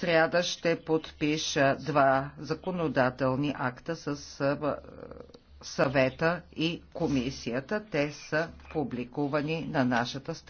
сряда ще подпиша два законодателни акта с съвета и комисията. Те са публикувани на нашата страница.